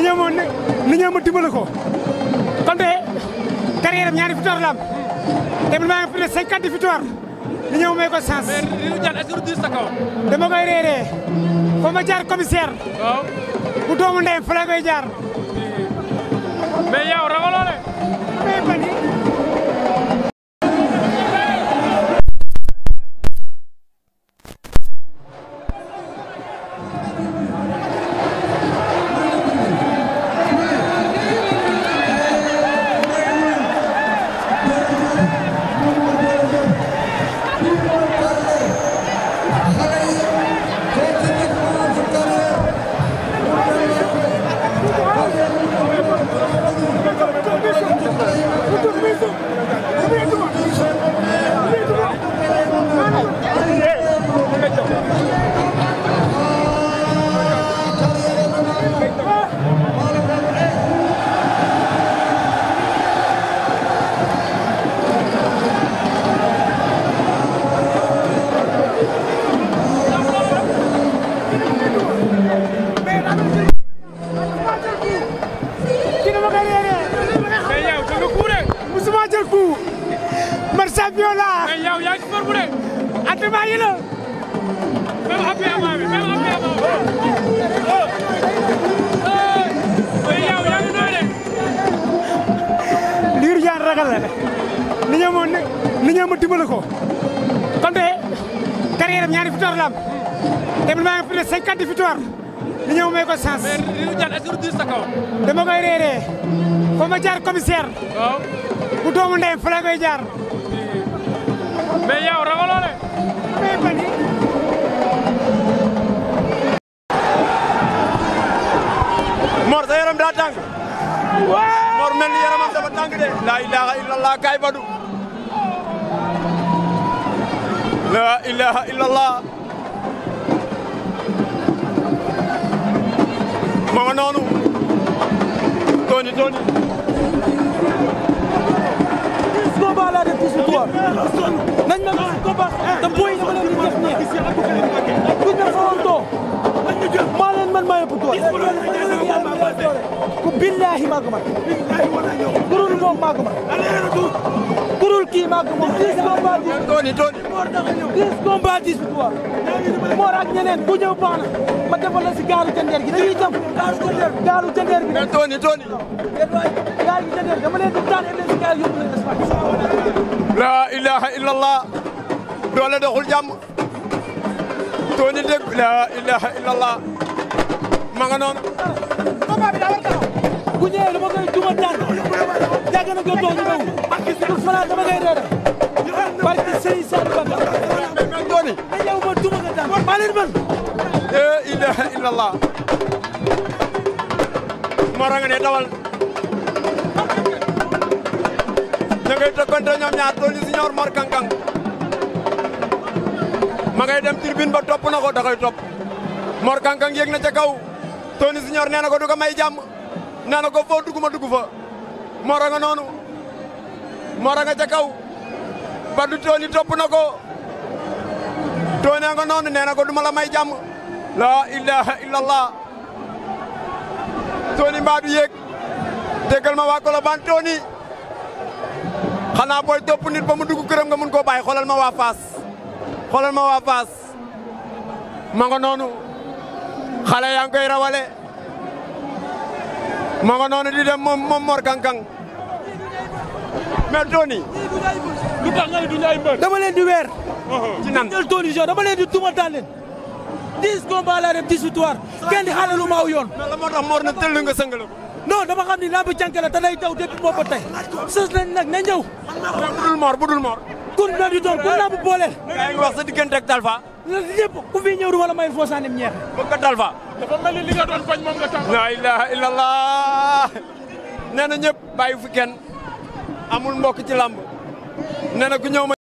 ni ñoo ma ni ñoo ma dimbale ko kon de carrière am ñaari victoire la am te man maa ngi ni ñoo may ko chance. mais li ñu jaan est-ce que du sa kaw. dama koy réeree fa ma jaar commissaire. waaw bu doomu ndeyam jaar. Lirou Diane ragal la ni ñoo ma ni ñoo ma dimbali ko kon de carrière am ñaari victoire la am te man maa ngi plus de cinquante victoire ni ñoo may ko chance. mais Lirou Diane est-ce que du sa kaw. dama koy réeree ma jaar commissaire. waaw bu doomu ndeyam fa la jaar. illallah kay badu la ilaha illallah ma nga noonu tooñi tooñi combat laa nañ ma dix combat te booy dama leen di def nii maa leen man maa yëpp doole ku billaahi maa ko kii maa ko gi dañuy jëm. gaalu doole doxul jàmm. dooni dégg la ilaha illallah. ma nga noonu. Ah, combat bi daa war a taxaw. bu Papis Fala dama ngay reere barke Sëriñ Saliou Bamba dooni ma ñëw ma duma nga daan la ilaha illallah ne dawal ña ngay tëkkante ñoom ñaar Tony Junior Mor Kang dem tribune ba topp na ko da koy topp Mor Kang Kang yéeg na ca kaw Tony Junior nee na ko du ko foo dugg ma dugg fa noonu Mor ca kaw Badou Tooni topp na ko Tooni nga noonu nee na ko duma la may jàmm laa ilaha illallah Tooni mbaa du yéeg déggal ma waa Colobane Tooni xanaa booy topp nit ba mu dugg këram nga mun koo bàyyi xoolal ma waa Fass xoolal ma waa Fass ma noonu xale yaa ngi rawale ma noonu di dem moom Mor Kang mais Tony. lu tax nga ne dama leen di weer. Uh-huh. ci nan jël Tony Junior dama leen di tumataan leen. 10 combats laa def 10 victoire kenn di xaalalu maaw yoon. mais la moo tax Mor na tëll nga sëngale ko. non dama xam ni làmb cànk la te day taw depuis boobu ba tey. sës nañ nag na ñëw. bu dul Mor bu dul Mor. kun na di doon kun làmb booleel. yaa ngi wax sa diggante ak Talfa. lépp ku fi ñëw du wala may foo ñeex. bëgg nga Talfa. dafa mel ni li ñëpp bàyyi fi kenn. amul mbokk ci làmb nee ku ñëw